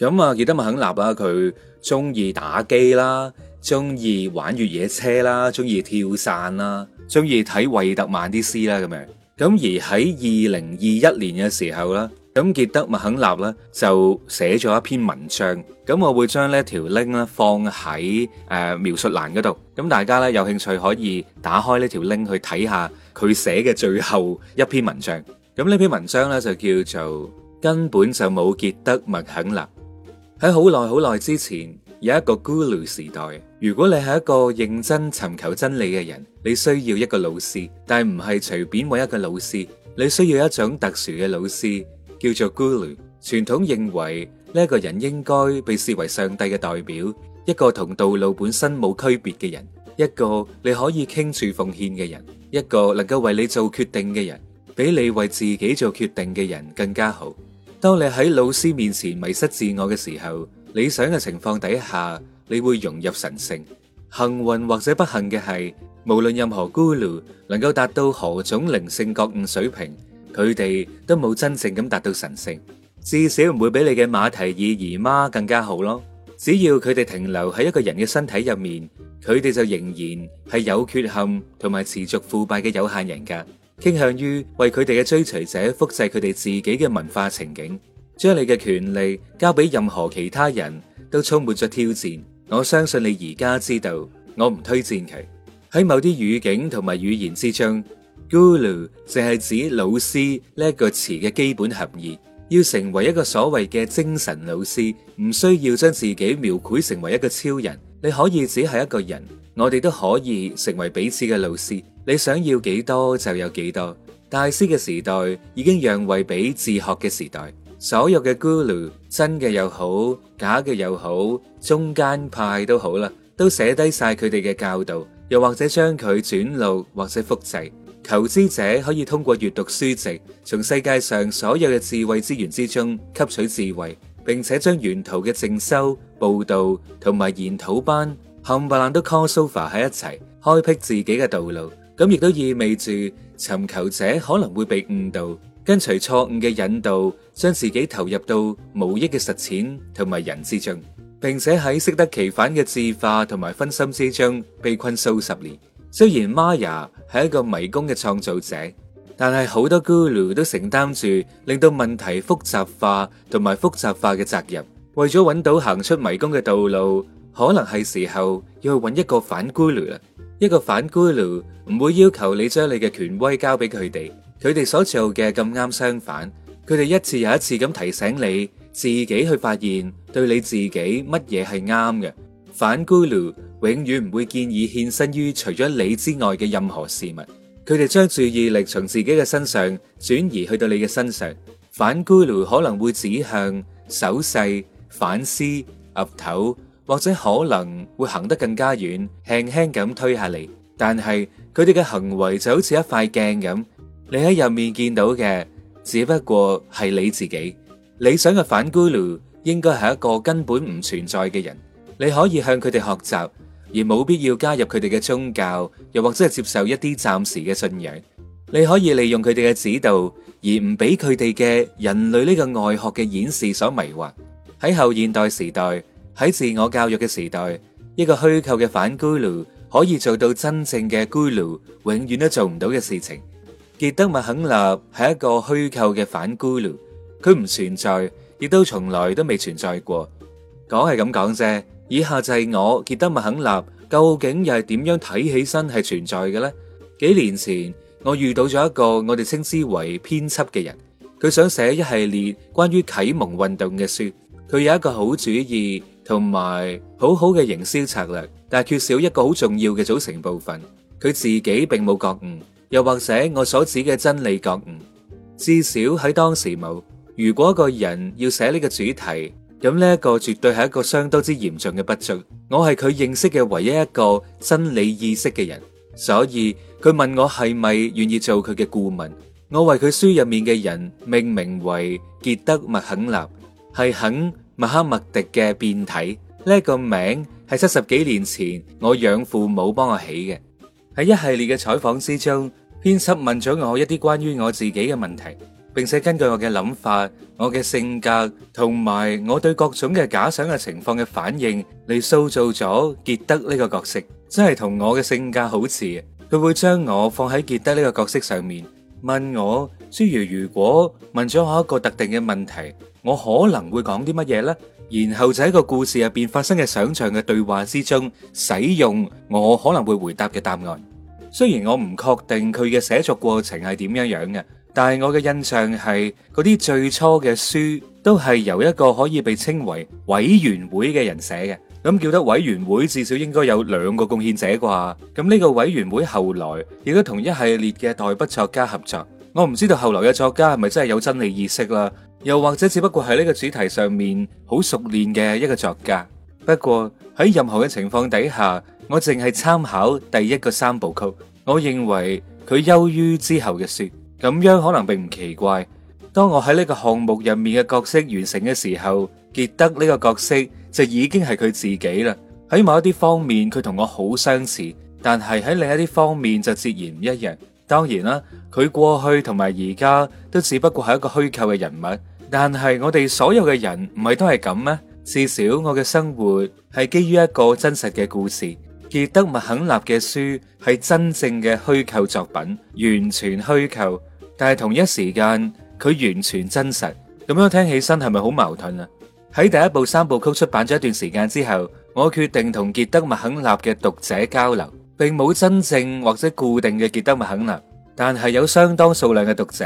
咁啊，傑德麥肯納啦，佢中意打機啦，中意玩越野車啦，中意跳傘啦，中意睇惠特曼啲詩啦，咁樣。咁而喺二零二一年嘅時候啦，咁傑德麥肯納咧就寫咗一篇文章。咁我會將呢條 link 咧放喺誒描述欄嗰度。咁大家咧有興趣可以打開呢條 link 去睇下佢寫嘅最後一篇文章。咁呢篇文章咧就叫做根本就冇傑德麥肯納。喺好耐好耐之前有一個 guru 時代。如果你係一個認真尋求真理嘅人，你需要一個老師，但唔係隨便搵一個老師，你需要一種特殊嘅老師，叫做 guru。傳統認為呢一、這個人應該被視為上帝嘅代表，一個同道路本身冇區別嘅人，一個你可以傾注奉獻嘅人，一個能夠為你做決定嘅人，比你為自己做決定嘅人更加好。當你喺老師面前迷失自我嘅時候，理想嘅情況底下，你會融入神性。幸運或者不幸嘅係，無論任何古魯能夠達到何種靈性覺悟水平，佢哋都冇真正咁達到神性。至少唔會比你嘅馬提爾姨媽更加好咯。只要佢哋停留喺一個人嘅身體入面，佢哋就仍然係有缺陷同埋持續腐敗嘅有限人格。傾向於為佢哋嘅追隨者複製佢哋自己嘅文化情景，將你嘅權利交俾任何其他人，都充滿咗挑戰。我相信你而家知道，我唔推薦佢。喺某啲語境同埋語言之中 guru 淨係指老師呢一個詞嘅基本含義。要成為一個所謂嘅精神老師，唔需要將自己描繪成為一個超人，你可以只係一個人，我哋都可以成為彼此嘅老師。你想要幾多就有幾多。大師嘅時代已經讓位俾自學嘅時代，所有嘅 Guru 真嘅又好，假嘅又好，中間派都好啦，都寫低晒佢哋嘅教導，又或者將佢轉錄或者複製。投資者可以通過閱讀書籍，從世界上所有嘅智慧資源之中吸取智慧，並且將沿途嘅正修、報道同埋研討班冚唪唥都 call so far 喺一齊，開闢自己嘅道路。咁亦都意味住尋求者可能會被誤導，跟隨錯誤嘅引導，將自己投入到無益嘅實踐同埋人之中，並且喺適得其反嘅智化同埋分心之中被困數十年。雖然 Maya 係一個迷宮嘅創造者，但係好多 Guru 都承擔住令到問題複雜化同埋複雜化嘅責任。為咗搵到行出迷宮嘅道路，可能係時候要去搵一個反 Guru 啦。一個反 Guru 唔會要求你將你嘅權威交俾佢哋，佢哋所做嘅咁啱相反，佢哋一次又一次咁提醒你自己去發現對你自己乜嘢係啱嘅。反 Guru 永遠唔會建議獻身於除咗你之外嘅任何事物。佢哋將注意力從自己嘅身上轉移去到你嘅身上。反 Guru 可能會指向手勢、反思、岌頭，或者可能會行得更加遠，輕輕咁推下你。但係佢哋嘅行為就好似一塊鏡咁，你喺入面見到嘅只不過係你自己。理想嘅反 Guru 應該係一個根本唔存在嘅人。你可以向佢哋學習，而冇必要加入佢哋嘅宗教，又或者係接受一啲暫時嘅信仰。你可以利用佢哋嘅指導，而唔俾佢哋嘅人類呢個外殼嘅演示所迷惑。喺後現代時代，喺自我教育嘅時代，一個虛構嘅反 Guru 可以做到真正嘅 Guru，永遠都做唔到嘅事情。傑德麥肯納係一個虛構嘅反 Guru，佢唔存在，亦都從來都未存在過。講係咁講啫。以下就係我，傑德麥肯納，究竟又係點樣睇起身係存在嘅呢？幾年前，我遇到咗一個我哋稱之為編輯嘅人，佢想寫一系列關於啟蒙運動嘅書，佢有一個好主意同埋好好嘅營銷策略，但係缺少一個好重要嘅組成部分，佢自己並冇覺悟，又或者我所指嘅真理覺悟，至少喺當時冇。如果一個人要寫呢個主題，咁呢個絕對係一個相當之嚴重嘅不足，我係佢認識嘅唯一一個真理意識嘅人，所以佢問我係咪願意做佢嘅顧問。我為佢書入面嘅人命名為傑德麥肯納，係肯麥克麥迪嘅變體。呢個名係七十幾年前我養父母幫我起嘅。喺一系列嘅採訪之中，編輯問咗我一啲關於我自己嘅問題。並且根據我嘅諗法，我嘅性格同埋我對各種嘅假想嘅情況嘅反應嚟，塑造咗傑德呢個角色，真係同我嘅性格好似。佢會將我放喺傑德呢個角色上面，問我諸如如果問咗我一個特定嘅問題，我可能會講啲乜嘢呢？然後就喺個故事入邊發生嘅想象嘅對話之中，使用我可能會回答嘅答案。雖然我唔確定佢嘅寫作過程係點樣樣嘅。但係我嘅印象係嗰啲最初嘅書都係由一個可以被稱為委員會嘅人寫嘅，咁叫得委員會至少應該有兩個貢獻者啩。咁呢個委員會後來亦都同一系列嘅代筆作家合作。我唔知道後來嘅作家係咪真係有真理意識啦，又或者只不過係呢個主題上面好熟練嘅一個作家。不過喺任何嘅情況底下，我淨係參考第一個三部曲，我認為佢優於之後嘅書。咁樣可能並唔奇怪。當我喺呢個項目入面嘅角色完成嘅時候，傑德呢個角色就已經係佢自己啦。喺某一啲方面，佢同我好相似，但係喺另一啲方面就截然唔一樣。當然啦，佢過去同埋而家都只不過係一個虛構嘅人物。但係我哋所有嘅人唔係都係咁咩？至少我嘅生活係基於一個真實嘅故事。傑德麥肯納嘅書係真正嘅虛構作品，完全虛構。但係同一時間，佢完全真實，咁樣聽起身係咪好矛盾啊？喺第一部三部曲出版咗一段時間之後，我決定同傑德麥肯納嘅讀者交流，並冇真正或者固定嘅傑德麥肯納，但係有相當數量嘅讀者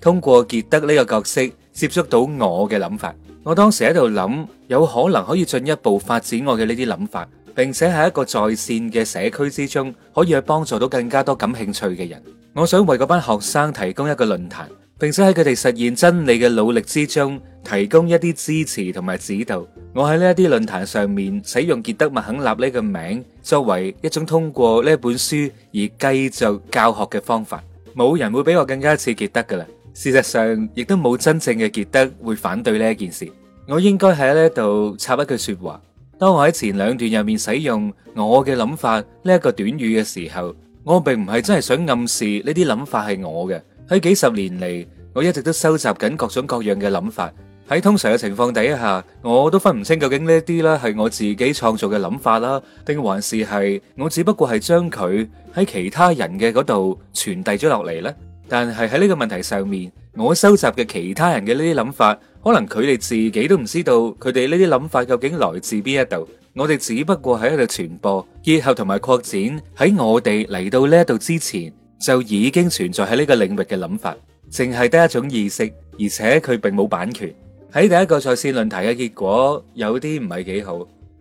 通過傑德呢個角色接觸到我嘅諗法。我當時喺度諗，有可能可以進一步發展我嘅呢啲諗法，並且喺一個在線嘅社區之中，可以去幫助到更加多感興趣嘅人。我想為嗰班學生提供一個論壇，並且喺佢哋實現真理嘅努力之中，提供一啲支持同埋指導。我喺呢一啲論壇上面使用傑德麥肯納呢個名，作為一種通過呢本書而繼續教學嘅方法。冇人會比我更加似傑德噶啦。事實上，亦都冇真正嘅傑德會反對呢一件事。我應該喺呢度插一句說話：當我喺前兩段入面使用我嘅諗法呢一個短語嘅時候。我並唔係真係想暗示呢啲諗法係我嘅。喺幾十年嚟，我一直都收集緊各種各樣嘅諗法。喺通常嘅情況底下，我都分唔清究竟呢啲啦係我自己創造嘅諗法啦，定還是係我只不過係將佢喺其他人嘅嗰度傳遞咗落嚟呢？但係喺呢個問題上面，我收集嘅其他人嘅呢啲諗法，可能佢哋自己都唔知道佢哋呢啲諗法究竟來自邊一度。我哋只不過喺度傳播，結合同埋擴展喺我哋嚟到呢一度之前就已經存在喺呢個領域嘅諗法，淨係得一種意識，而且佢並冇版權。喺第一個在綫論壇嘅結果有啲唔係幾好，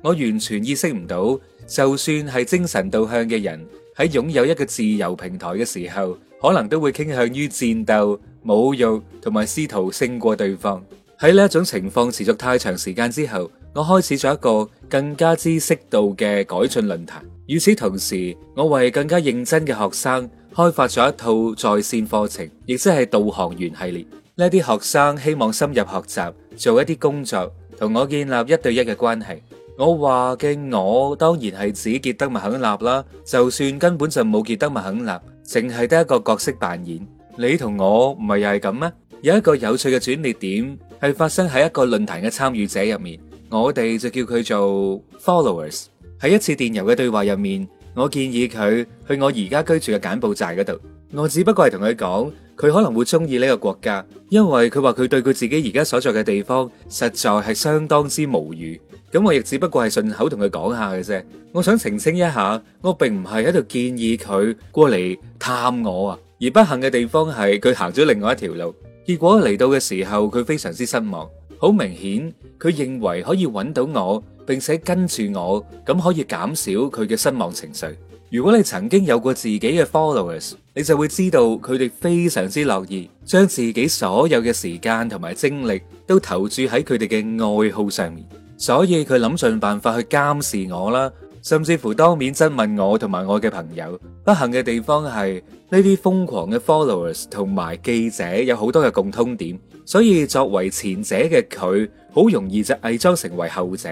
我完全意識唔到，就算係精神導向嘅人喺擁有一個自由平台嘅時候，可能都會傾向於戰鬥、侮辱同埋試圖勝過對方。喺呢一種情況持續太長時間之後。我開始咗一個更加知識度嘅改進論壇。與此同時，我為更加認真嘅學生開發咗一套在線課程，亦即係導航員系列。呢啲學生希望深入學習，做一啲工作，同我建立一對一嘅關係。我話嘅我當然係指傑德麥肯納啦，就算根本就冇傑德麥肯納，淨係得一個角色扮演。你同我唔係又係咁咩？有一個有趣嘅轉捩點係發生喺一個論壇嘅參與者入面。我哋就叫佢做 followers。喺一次電郵嘅對話入面，我建議佢去我而家居住嘅柬埔寨嗰度。我只不過係同佢講，佢可能會中意呢個國家，因為佢話佢對佢自己而家所在嘅地方實在係相當之無語。咁我亦只不過係順口同佢講下嘅啫。我想澄清一下，我並唔係喺度建議佢過嚟探我啊，而不幸嘅地方係佢行咗另外一條路，結果嚟到嘅時候，佢非常之失望。好明顯，佢認為可以揾到我，並且跟住我，咁可以減少佢嘅失望情緒。如果你曾經有過自己嘅 followers，你就會知道佢哋非常之樂意將自己所有嘅時間同埋精力都投注喺佢哋嘅愛好上面，所以佢諗盡辦法去監視我啦。甚至乎當面質問我同埋我嘅朋友，不幸嘅地方係呢啲瘋狂嘅 followers 同埋記者有好多嘅共通點，所以作為前者嘅佢，好容易就偽裝成為後者。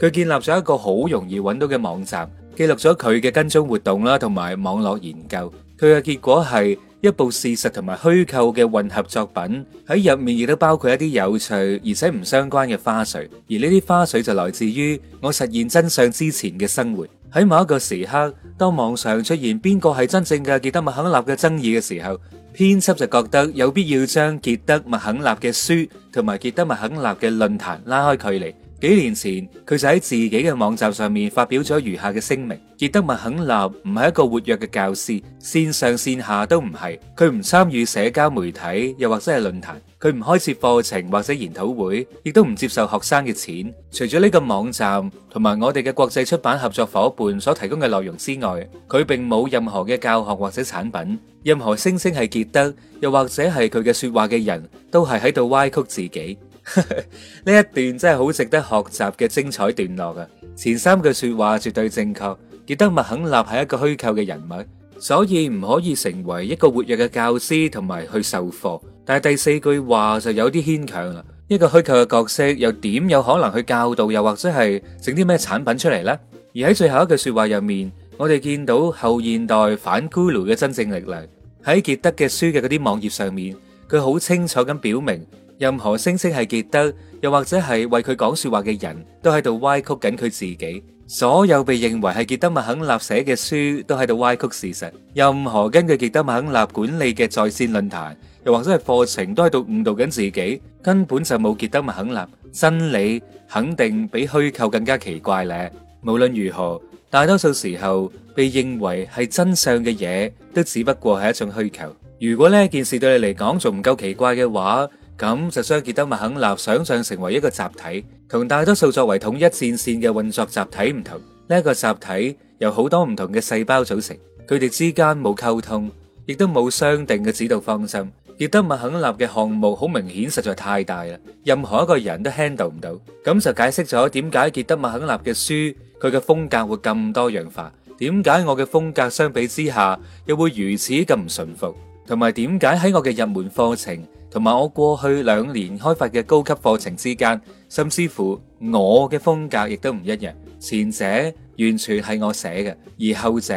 佢建立咗一個好容易揾到嘅網站，記錄咗佢嘅跟蹤活動啦，同埋網絡研究。佢嘅結果係。一部事實同埋虛構嘅混合作品，喺入面亦都包括一啲有趣而且唔相關嘅花絮，而呢啲花絮就來自於我實現真相之前嘅生活。喺某一個時刻，當網上出現邊個係真正嘅傑德麥肯納嘅爭議嘅時候，編輯就覺得有必要將傑德麥肯納嘅書同埋傑德麥肯納嘅論壇拉開距離。幾年前，佢就喺自己嘅網站上面發表咗如下嘅聲明：傑德麥肯納唔係一個活躍嘅教師，線上線下都唔係，佢唔參與社交媒體又或者係論壇，佢唔開設課程或者研討會，亦都唔接受學生嘅錢。除咗呢個網站同埋我哋嘅國際出版合作伙伴所提供嘅內容之外，佢並冇任何嘅教學或者產品。任何聲稱係傑德又或者係佢嘅說話嘅人都係喺度歪曲自己。呢 一段真係好值得學習嘅精彩段落啊！前三句說話絕對正確，傑德麥肯納係一個虛構嘅人物，所以唔可以成為一個活躍嘅教師同埋去授課。但係第四句話就有啲牽強啦，一個虛構嘅角色又點有可能去教導，又或者係整啲咩產品出嚟呢？而喺最後一句說話入面，我哋見到後現代反 Guru 嘅真正力量。喺傑德嘅書嘅嗰啲網頁上面，佢好清楚咁表明。任何聲稱係傑德，又或者係為佢講說話嘅人都喺度歪曲緊佢自己。所有被認為係傑德麥肯納寫嘅書都喺度歪曲事實。任何根據傑德麥肯納管理嘅在線論壇，又或者係課程，都喺度誤導緊自己。根本就冇傑德麥肯納。真理肯定比虛構更加奇怪咧。無論如何，大多數時候被認為係真相嘅嘢，都只不過係一種虛構。如果呢一件事對你嚟講仲唔夠奇怪嘅話，咁就將傑德麥肯納想象成為一個集體，同大多數作為統一戰線嘅運作集體唔同。呢一個集體由好多唔同嘅細胞組成，佢哋之間冇溝通，亦都冇商定嘅指導方針。傑德麥肯納嘅項目好明顯實在太大啦，任何一個人都 handle 唔到。咁就解釋咗點解傑德麥肯納嘅書，佢嘅風格會咁多樣化，點解我嘅風格相比之下又會如此咁唔順服，同埋點解喺我嘅入門課程，同埋我過去兩年開發嘅高級課程之間，甚至乎我嘅風格亦都唔一樣。前者完全係我寫嘅，而後者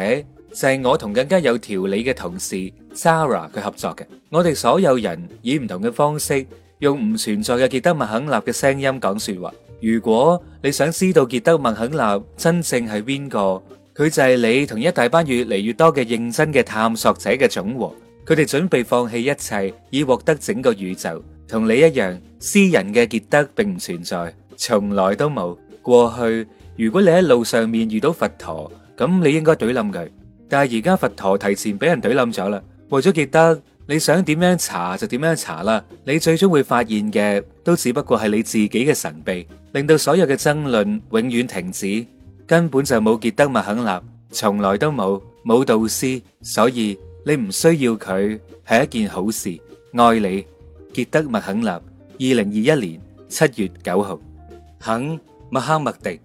就係我同更加有條理嘅同事 Zara 佢合作嘅。我哋所有人以唔同嘅方式，用唔存在嘅傑德麥肯納嘅聲音講說話。如果你想知道傑德麥肯納真正係邊個，佢就係你同一大班越嚟越多嘅認真嘅探索者嘅總和。佢哋準備放棄一切以獲得整個宇宙，同你一樣，私人嘅傑德並唔存在，從來都冇。過去如果你喺路上面遇到佛陀，咁你應該懟冧佢。但係而家佛陀提前俾人懟冧咗啦，為咗傑德，你想點樣查就點樣查啦。你最終會發現嘅都只不過係你自己嘅神秘，令到所有嘅爭論永遠停止，根本就冇傑德麥肯納，從來都冇冇導師，所以。你唔需要佢係一件好事，愛你，傑德麥肯納，二零二一年七月九號，肯麥克麥迪。